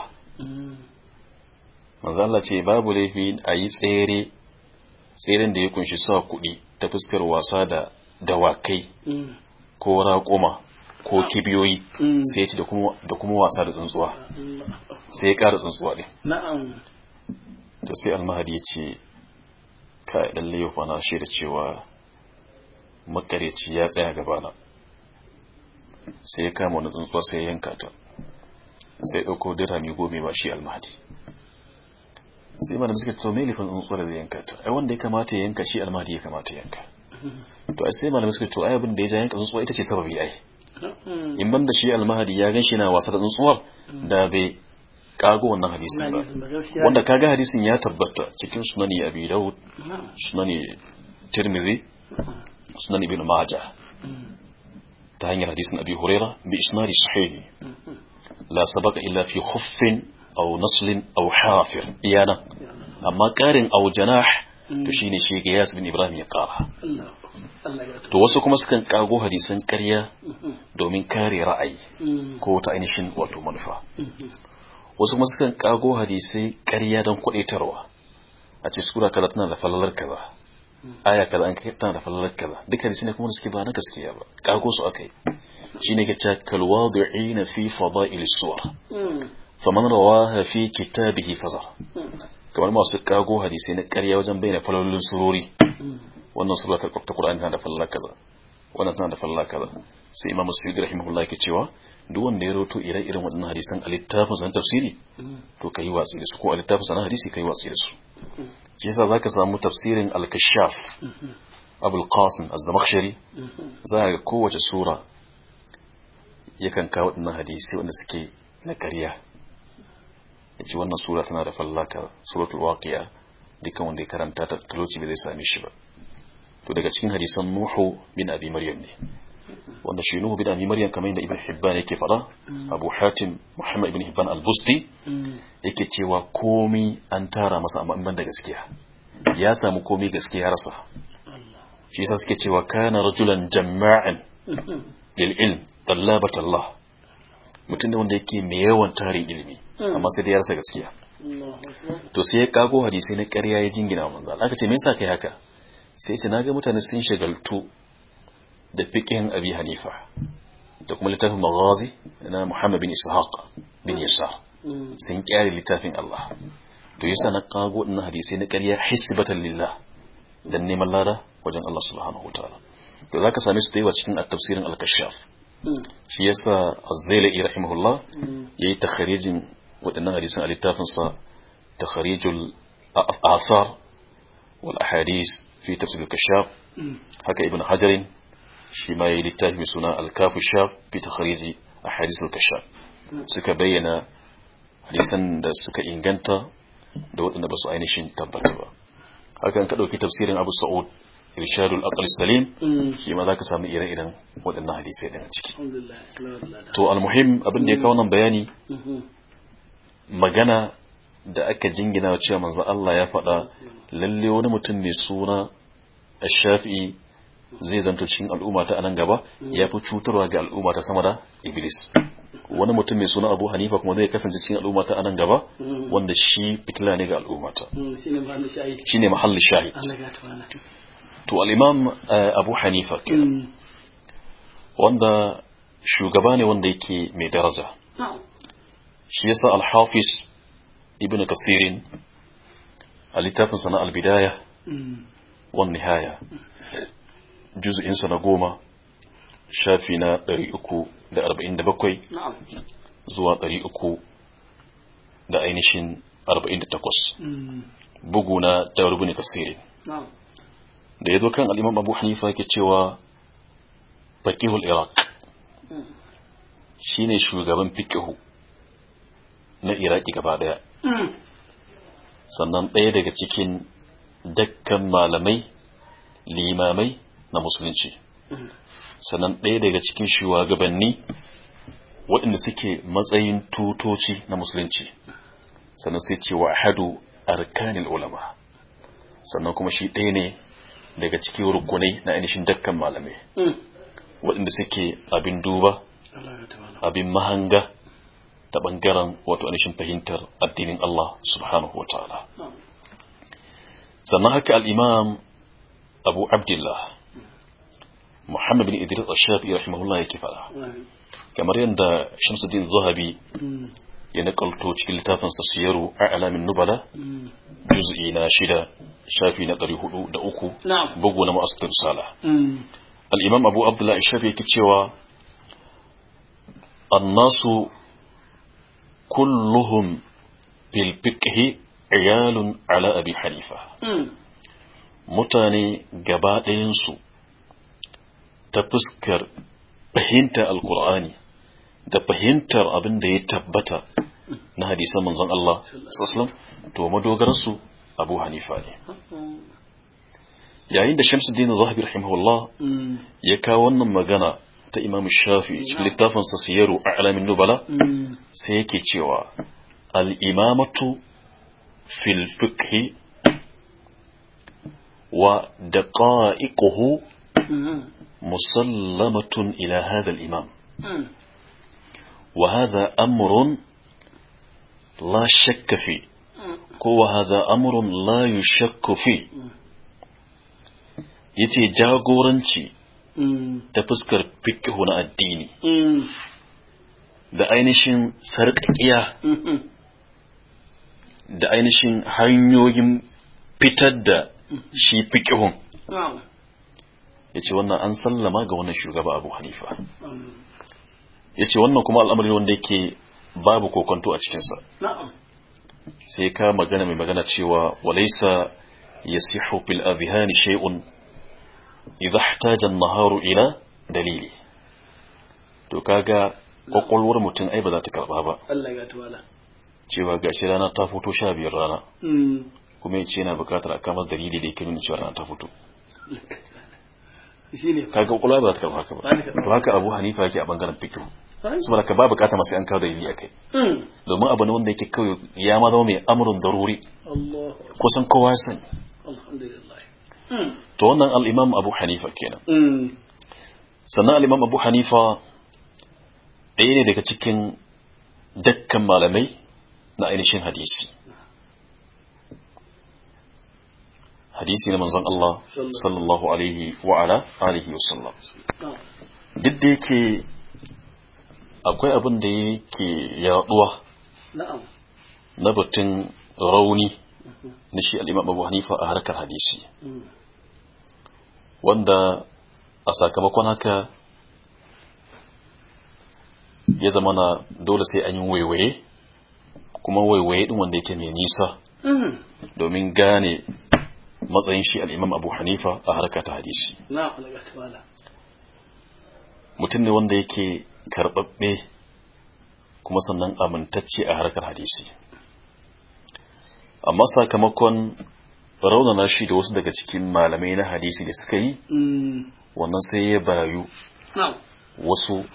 Speaker 2: manzo ce babu laifi a yi tsere tseren da ya kunshi sa kuɗi ta fuskar wasa da dawakai ko raƙuma ko kibiyoyi sai ya da kuma wasa da tsuntsuwa sai ya ƙara tsuntsuwa ne. to sai almahadi ya ce ka ɗan laifin na shaida cewa makareci ya tsaya gabana sai ya kama wani tsuntsuwa sai ya yanka ta sai ɗauko dirhami gobe ba shi almahadi sai da suka tso mai lifin tsuntsuwa da zai yanka ta ai wanda ya kamata ya yanka shi almahadi ya kamata ya yanka to ai sai da suka tso ai abin da ya ja yanka tsuntsuwa ita ce sababi ai mm-hmm. in ban da shi almahadi ya shi na wasa da tsuntsuwar mm-hmm. da bai kago wannan hadisin ba wanda kaga hadisin ya tabbata cikin sunani abi daud mm-hmm. sunani tirmidhi sunan ibn majah ta hanyar hadisin abi huraira bi isnadi sahihi la sabaka illa fi khuffin aw naslin aw hafir iyana amma ƙarin aw janah to shine shi ga yas bin ibrahim ya kara to wasu kuma sukan kago hadisan ƙarya domin kare ra'ayi ko ta ainihin wato manufa wasu kuma sukan kago hadisai ƙarya don kuɗaitarwa a ce sura talatin da falalar kaza aya kaza an kai tana da falalar kaza dukkan shi ne kuma suke ba na gaskiya ba kago su akai shine ke cewa kal wadi'ina fi fada'il suwar hmm. faman rawaha fi kitabihi faza kamar masu kago hadisi na ƙarya wajen bayyana falalolin surori hmm. wannan sura ta Qur'ani tana da falalar kaza wannan tana da falalar kaza sai Imam Suyuti rahimahullah yake cewa duk wanda ya roto ire irin waɗannan hadisan a littafin sanar tafsiri hmm. to ka yi watsi da su ko a littafin sanar hadisi ka yi watsi da su shi yasa zaka samu tafsirin al-kashaf abul qasim az-zamakhshari za ga kowace sura yakan kawo waɗannan hadisi wanda suke na ƙarya yace wannan sura tana da fallaka suratul waqi'a dukan wanda ya karanta ta talauci bai zai same shi ba to daga cikin hadisan nuhu bin abi maryam ne wanda shinuhu bin abi maryam kamar yadda ibn hibban yake fada mm. abu hatim muhammad ibn hibban al-busti mm. yake cewa komi an tara masa amma da gaskiya ya samu komi gaskiya rasa shi yasa suke cewa kana rajulan jama'in. lil ilm tallabat allah mutum ne wanda yake mai yawan tarin ilimi mm. amma sai da ya rasa gaskiya to sai ya kago hadisi na ƙarya ya jingina manzo Allah ce me yasa kai haka sai ce ga mutane sun shagaltu da fikihin abi hanifa da kuma littafin maghazi na muhammad bin ishaq bin yasar sun kyare littafin allah to yasa na kago na hadisai na ƙarya hisbatan lillah dan neman lada wajen Allah subhanahu wataala to zaka same su da yawa cikin at-tafsirin al-kashaf shi yasa az-zailai rahimahullah yayi takharijin wadannan hadisan a littafin sa takharijul athar wal ahadith fi tafsir al-kashaf haka ibn Allah. shi ma ya littafi mai suna alkafu shaf fi takhriji a hadisul kashaf suka bayyana hadisan da suka inganta da waɗanda ba su ainihin tabbata ba haka ka ɗauki tafsirin abu sa'ud irshadul aqal salim mm. shi ma zaka samu ire-iren waɗannan hadisai daga ciki to almuhim abin da ya kawo nan bayani mm-hmm. magana da aka jingina cewa manzon Allah ya faɗa lalle wani mutum mai suna ash shafi. zai zanto cikin al'umma ta anan gaba ya fi cutarwa ga al'umma ta sama da iblis wani mutum mai suna abu hanifa kuma zai kasance cikin al'umma ta anan gaba wanda shi fitila ne ga al'umma ta
Speaker 1: hmm, shi ne mahallin shahid
Speaker 2: to al'imam eh, abu hanifa hmm. wanda shugaba ne wanda yake mai daraja shi yasa al-hafiz ibn kasirin a littafinsa na al-bidaya hmm. wan nihaya juz'insa na goma shafi na 347 zuwa 300 da ainihin 48 mm. bugu na darubin kasiri da ya zo kan al'imam abu hanifa yake cewa faƙihul iraq mm. shine shugaban fiƙihu na iraki gaba ɗaya mm. sannan ɗaya daga cikin dakkan malamai limamai na musulunci mm. sannan ɗaya daga cikin shugabanni waɗanda suke matsayin tutoci na musulunci sannan sai ce wa hadu arkanil ulama sannan kuma shi ɗaya ne daga cikin rukunai na ainihin dakkan malamai mm. waɗanda suke abin duba abin mahanga ta ɓangaren wato ainihin fahimtar addinin Allah subhanahu wa ta'ala mm. sannan haka al'imam abu abdullah muhammad bin idris al-shafi rahimahullah yake fara kamar yadda shamsuddin zahabi ya nakalto cikin littafin sa siyaru a alamin nubala juz'i na shida shafi na ɗari hudu da uku bugu na ma'asar sala mm. al-imam abu abdullahi shafi yake cewa annasu kulluhum fil fiqhi iyalun ala abi hanifa mm. mutane gaba su ta fuskar fahimtar alkur'ani da fahimtar abin da ya tabbata na hadisan manzon Allah sallallahu to madogararsu Abu Hanifa ne yayin da Shamsuddin Zahabi rahimahullah ya kawo wannan magana ta Imam Shafi cikin littafin sa Siyaru A'lamin Nubala sai yake cewa al-imamatu fil fiqh wa daqa'iquhu مسلمة إلى هذا الإمام وهذا أمر لا شك فيه وهذا أمر لا يشك فيه yace jagoranci hmm. ta fuskar fikihu na addini hmm. da ainihin sarƙaƙiya hmm. da ainihin hanyoyin fitar da shi fikihun ya ce wannan an sallama ga wannan shugaba abu hanifa ya ce wannan kuma al'amari wanda yake babu kokonto a cikinsa sai ka magana mai magana cewa walaisa ya siho fil azihani shay'un idha ihtajan naharu ila dalili to kaga kwakwalwar mutum ai ba za ta karba ba cewa gashi rana ta fito sha biyar rana mm. kuma ya ce yana bukatar a kamar dalili da ya nuna cewa rana ta fito kaga kwakwalwa ba za ta kafa haka ba to haka abu hanifa yake a bangaren fikihu saboda ka ba bukata masu yan kawo dalili a kai hmm. domin abu ne wanda yake kawai ya ma zama mai amurin daruri kusan kowa ya sani hmm. to wannan al'imam abu hanifa kenan hmm. sannan al'imam abu hanifa ɗaya ne daga cikin dakkan malamai na ainihin hadisi hadisi na manzon Allah sallallahu alaihi wa ala alihi wasallam duk da yake akwai abin da yake yaduwa na batun rauni na shi al'imam abu hanifa a harkar hadisi mm. wanda a sakamakon haka ya zama na dole sai an yi waiwaye kuma waiwaye din wanda yake mai nisa mm. domin gane matsayin shi al'imam abu hanifa a harka ta hadisi mutum ne wanda yake karɓaɓɓe kuma sannan amintacce a harkar hadisi amma sakamakon raunana shi da wasu daga cikin malamai na hadisi da suka yi
Speaker 3: mm.
Speaker 2: wannan sai ya bayu wasu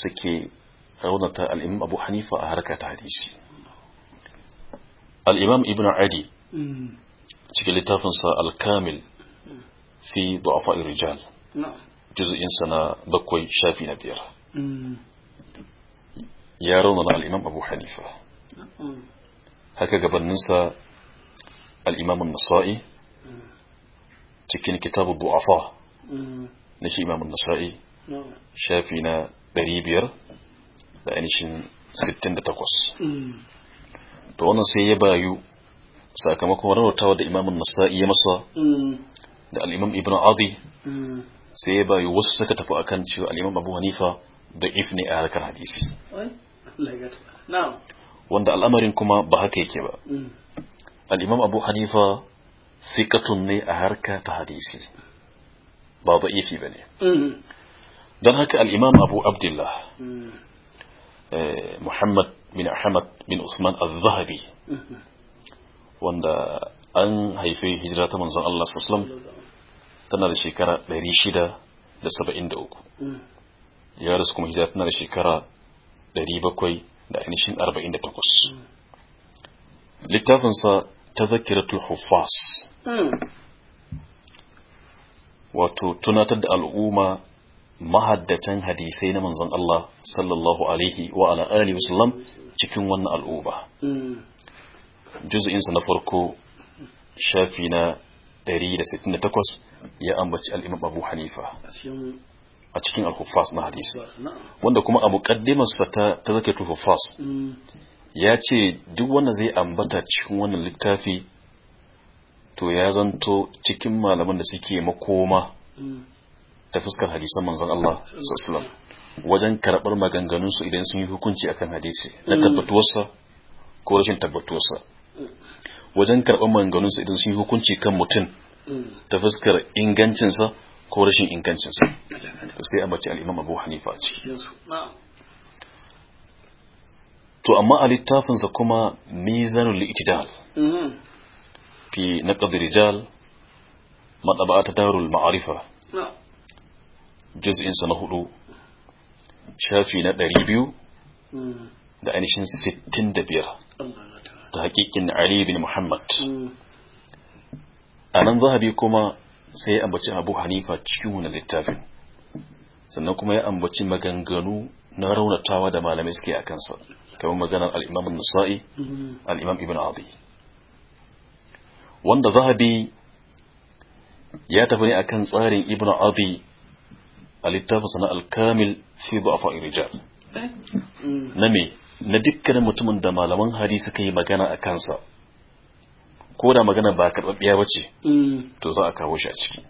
Speaker 2: suke raunata al'imam abu hanifa a harka ta hadisi al'imam ibn adi mm. cikin littafinsa alkamil fi du'afa rijal juz'insa na bakwai shafi na biyar ya raunana al'imam abu hanifa haka gabaninsa al'imamun nasa'i cikin kitabu du'afa na shi imamun nasa'i shafi na biyar da ainihin 68 to wannan sai ya bayu sakamakon rawartawa da imamun nasa'i ya masa mm. da al'imam ibn adi mm. sai ya bayu wasu suka tafi akan cewa al'imam abu hanifa da if ne a harkar hadisi wanda al'amarin kuma ba haka yake ba mm. al'imam abu hanifa fikatun ne a harka ta hadisi ba ba ifi ba ne don haka al'imam abu abdullah eh, muhammad bin ahmad bin usman al-zahabi mm-hmm. wanda an haife hijira ta manzon Allah sallam tana da shekara 673 ya rasu kuma hijira tana da shekara 700 da ainihin 48 littafinsa ta zakiratul hufas wato tunatar da al'umma mahaddatan hadisai na manzon Allah sallallahu alaihi wa ala alihi wasallam cikin wannan al'uba. juz'insa na farko shafi na 168 ya ambaci al'imam abu hanifa a cikin al-huffas na hadisi wanda kuma a kaddimarsa ta zake huffas mm. ya ce duk wanda zai ambata cikin wannan littafi to ya zanto cikin malaman da suke makoma mm. ta fuskar hadisan manzan Allah sassalam mm. wajen karɓar maganganunsu idan sun yi hukunci akan hadisi na tabbatuwarsa ko rashin tabbatuwarsa wajen karɓar manganunsa idan sun yi hukunci kan mutum ta fuskar ingancinsa ko rashin ingancinsa sai a mace al'imam abu hanifa ce to amma a littafinsa kuma mizanul Ke fi naqd rijal ta darul ma'arifa juz'in na hudu shafi na ɗari biyu da ainihin biyar. ta hakikin Ali bin Muhammad mm. a nan zahabi kuma sai ya ambaci Abu Hanifa cikin wani littafin sannan kuma ya ambaci maganganu na raunatawa da malamai suke a kansa kamar maganar al-Imam an-Nasa'i mm-hmm. al Ibn Adi wanda zahabi ya tafi ne akan tsarin Ibn Adi a littafin sana al-Kamil fi du'afa rijal mm. na me na dukkanin mutumin da malaman hadisi suka yi magana a kansa ko da magana ba karɓaɓɓiya ba ce mm. to za a kawo shi a ciki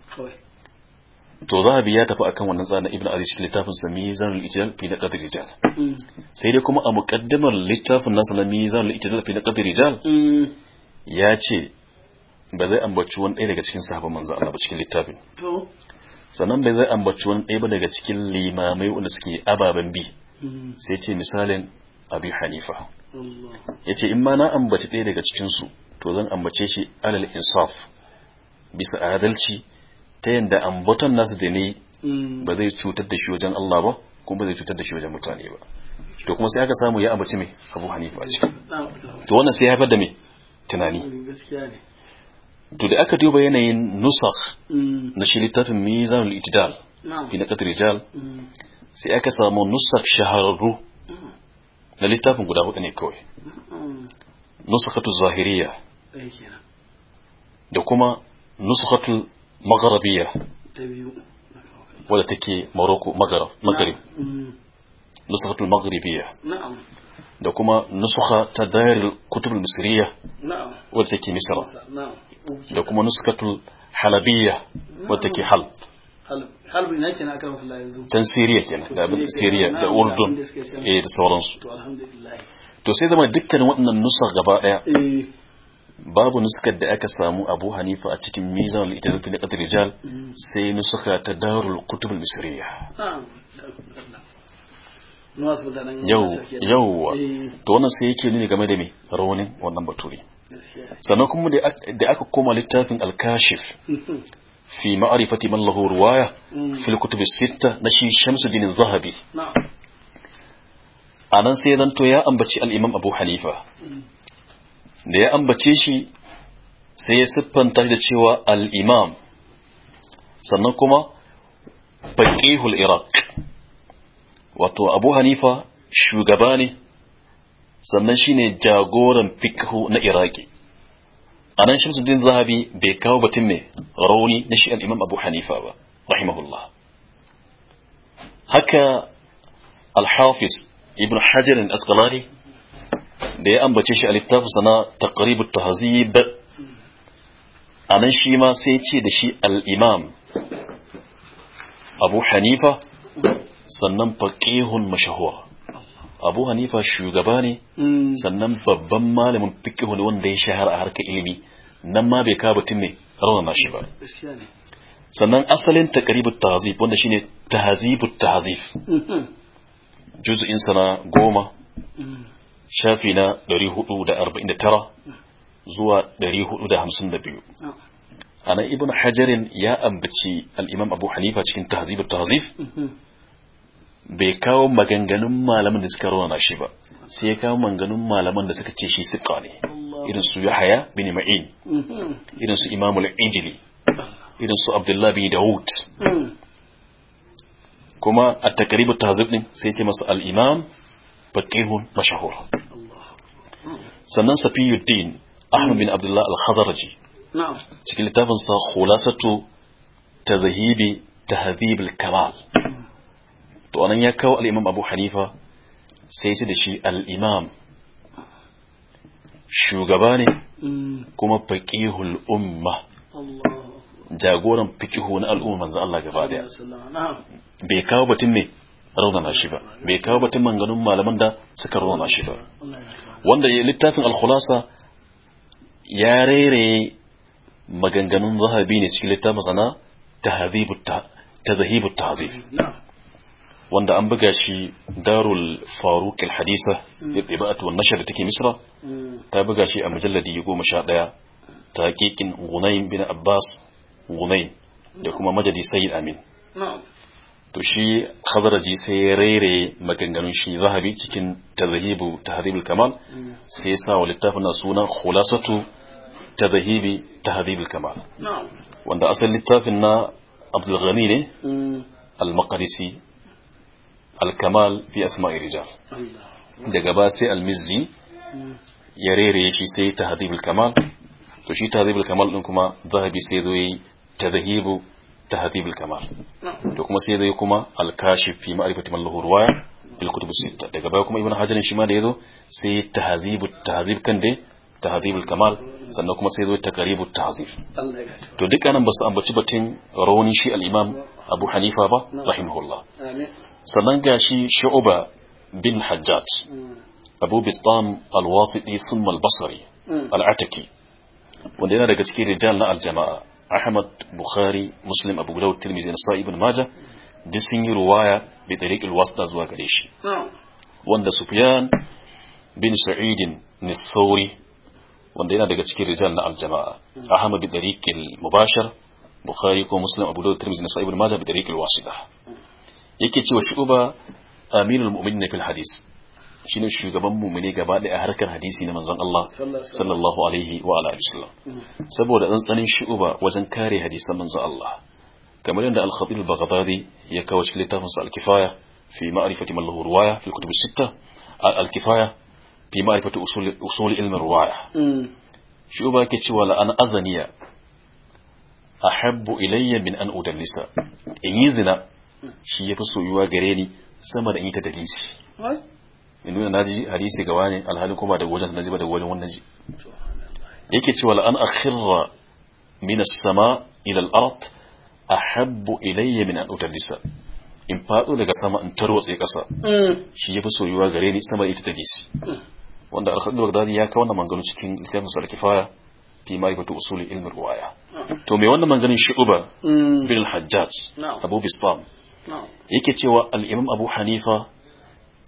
Speaker 2: to za a biya tafi akan wannan tsarin ibn aziz cikin littafin sa mizan al-ijtihad fi naqd rijal mm. sai dai kuma a muqaddimar littafin nasa na mizan al-ijtihad fi naqd rijal mm. ya ce ba zai ambaci wani ɗaya daga cikin sahabban manzo Allah ba cikin littafin sannan bai zai ambaci wani ɗaya ba daga cikin limamai wanda suke ababen bi sai ce misalin abi hanifa ya ce in ma na ambaci ɗaya daga cikinsu to zan ambace shi alal insaf bisa adalci ta yadda ambaton nasu da ne mm. ba zai cutar da shi wajen Allah ba kuma ba zai cutar da shi wajen mutane ba to kuma sai aka samu ya ambaci mai abu hanifa ciki to wannan sai haifar da mai tunani
Speaker 3: mm,
Speaker 2: to da aka duba yanayin nusas mm. na shi littafin mizanul itidal fi na rijal sai aka samu nusar shahararru na littafin guda hudu ne kawai nusukhatu zahiriya da kuma nusukhatu magharibiya wadda take maroko magharib nusukhatu magharibiya da kuma nusukha ta dairar kutub misriya wadda take misra da kuma nusukhatu halabiya wadda take hal
Speaker 1: halbu ina kenan akan Allah yanzu can Syria kenan da Syria da Urdun
Speaker 2: eh da sauransu
Speaker 3: to alhamdulillah
Speaker 2: to sai zama dukkan waɗannan nusa gaba daya eh. babu nuskar da aka samu Abu Hanifa a cikin Mizan al-Ittifaq na Qadrijal mm. sai nusuka ta Darul Kutub al-Misriya
Speaker 3: yau yau
Speaker 2: to wannan sai yake nuni game da me raunin wannan baturi sannan kuma da aka koma littafin al في معرفة من له رواية في الكتب الستة نشي شمس الدين الذهبي anan sai zanto ya ambaci al'imam abu hanifa da ya ambace shi sai ya siffanta da cewa al'imam sannan kuma faƙihul iraq wato abu hanifa shugaba ne sannan shine jagoran fiqhu na iraki a nan shamsuddin zahabi bai kawo batun mai rauni na shi'an imam abu hanifa ba rahimahullah haka alhafiz ibn hajar al-asqalani da ya ambace shi a littafinsa na taqrib ta tahzib a nan shi ma sai ce da shi imam abu hanifa sannan faqihun mashahur abu hanifa shugaba ne mm. sannan babban malamin fiqh wanda ya shahara a harkar ilimi nan ma bai kawo batun ne raunana shi ba sannan asalin taqribut tahazif wanda shine tahzibut tahazif. juz'in sana goma mm. shafi na 449 zuwa 452 ah. ana ibn hajarin ya ambaci alimam abu hanifa cikin tahzibut tahazif. Mm-hmm. bai kawo maganganun malaman da suka rawana shi ba sai ya kawo maganganun malaman da suka ce shi siƙa ne oh. irin su Yahaya bin Ma'in
Speaker 3: mm-hmm.
Speaker 2: irin su Imam al-Injili irin su Abdullahi bin Dawud mm. kuma a takaribu tahzib din sai yake masa al'imam imam mashahur sannan Safiyuddin Ahmad bin Abdullahi al-Khazraji cikin littafin sa khulasatu tadhhibi tahdhib al-kamal to anan ya kawo al-Imam Abu Hanifa sai shi da shi al-Imam shugaba ne mm. kuma faqihul umma jagoran fikihu na al'umma manzo Allah gaba daya bai kawo batun ne raunana shi ba bai kawo batun manganun malaman da suka raunana shi ba wanda ya littafin al-khulasa ya rere maganganun zahabi ne cikin littafin sana tahdhibut tahzib wanda an buga shi darul faruk al-hadisa ibatu wan nashr da take misra ta buga shi a mujalladi 11 taqiqin gunayn bin abbas gunayn da kuma majadi sayyid amin to shi khazaraji sai rere maganganun shi zahabi cikin tazhibu tahdhibul kamal sai sa wa littafin sunan khulasatu tazhibi tahdhibul kamal wanda asalin littafin na abdul ghani ne al-maqdisi Alkamal fi asma'i rijal daga ba sai al ya rere shi sai tahdhibul kamal to shi tahdhibul kamal din kuma zahabi sai zo yi tadhhibu tahdhibul kamal to kuma sai zo kuma al fi ma'rifati man lahu ruwaya fil kutub sitta daga baya kuma ibnu hajar shi ma da yazo sai ta tahdhibu tahdhib kan dai tahdhibul kamal sannan kuma sai zo ta tahzib to duka nan ba su ambaci batun rauni shi al-imam Abu Hanifa ba rahimahullah sannan gashi shu'uba bin hajjaj mm. abu bistam alwasiti sun malbasari mm. al'ataki wanda yana daga cikin rijal na aljama'a ahmad bukhari muslim abu gudawu tirmizi na sa ibn maja duk sun yi ruwaya bi tariqil wasita zuwa gare shi oh. wanda sufyan bin sa'idin nisauri wanda yana daga cikin rijal na aljama'a mm. ahmad bi tariqil mubashar bukhari ko muslim abu gudawu tirmizi na sa ibn maja bi tariqil wasita yake cewa shu'ba aminul mu'minin fil hadis shine shugaban mu'mini gaba a harkar hadisi na manzon Allah sallallahu alaihi wa alihi wasallam saboda tsantsanin Shu'uba wajen kare hadisan manzon Allah kamar yadda al-khatib al-baghdadi ya kawo cikin littafin sa al-kifaya fi ma'rifati man lahu riwaya fi kutub sitta al-kifaya fi ma'rifati usul usul ilm riwaya Shu'uba yake cewa la an azaniya ahabbu ilayya min an udallisa in yi zina shi ya fi soyuwa gare ni sama da in ta in nuna na ji hadisi ga wani alhalin kuma da wajen na ji ba da wani wannan ji yake cewa la'an akhirra min as-sama ila al-ard ahabbu ilayya min an udallisa in fado daga sama in tarwatse kasa mm. shi yafi soyuwa gare ni sama ita dalisi mm. wanda al-khaddu ya kawo wannan manganu cikin littafin sarkifaya fi ma'rifatu usuli ilmi riwaya mm. to me wannan manganin shu'ba bin hajjaj abu bistam yake cewa al-imam abu hanifa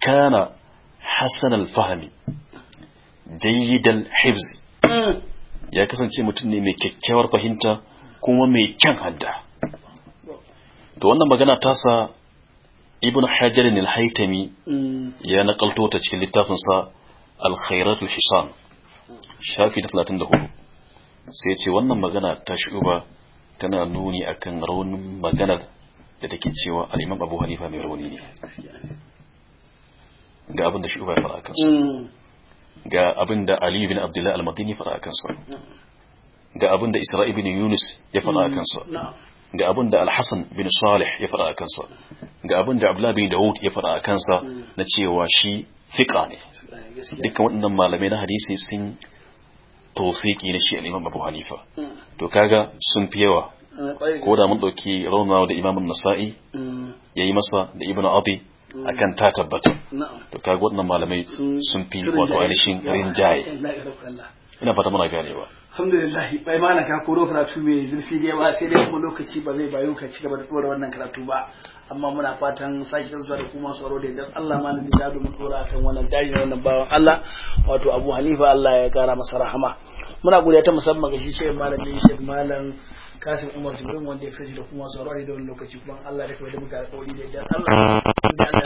Speaker 2: kana hasan fahmi jayyid al ya kasance mutum ne mai kyakkyawar fahimta kuma mai kyan hadda to wannan magana tasa ibn hajar al-haytami ya nakalto ta cikin littafin sa al Shafi al-hisan shafi 34 sai ce wannan magana ta shuba tana nuni akan raunin maganar da take cewa al abu hanifa mai rauni ne ga abinda da shi uba fara kansa mm. ga abinda da ali bin abdullahi al-madini fara kansa mm. ga abinda da isra'i bin yunus ya fara mm. kansa ga abinda da al-hasan bin salih ya fara kansa ga abinda abdullahi bin daud ya fara kansa na cewa shi fiqa ne dukkan waɗannan malamai na hadisi sun tofiki na shi al abu hanifa to kaga sun fi yawa ko da mun ɗauki rauna da imamun nasa'i mm. ya yi masa da ibn abi mm. akan ta tabbata to kaga waɗannan malamai sun fi wato ainihin rinjaye ina fata muna ganewa
Speaker 1: alhamdulillah bai mana na ka koro karatu mai zurfi da yawa sai dai kuma lokaci ba zai bayu ka cigaba da tsora wannan karatu ba amma muna fatan sake zuwa da kuma tsaro da idan Allah ma nabi da domin tsora kan wannan daji wannan bawan Allah wato Abu Halifa Allah ya kara masa rahama muna godiya ta musamman ga shi shehu Malam shehu Malam kasim umar jibrin wanda ya kasance da kuma saurari da lokaci kuma Allah da kuma da muka alƙawari da yadda
Speaker 3: Allah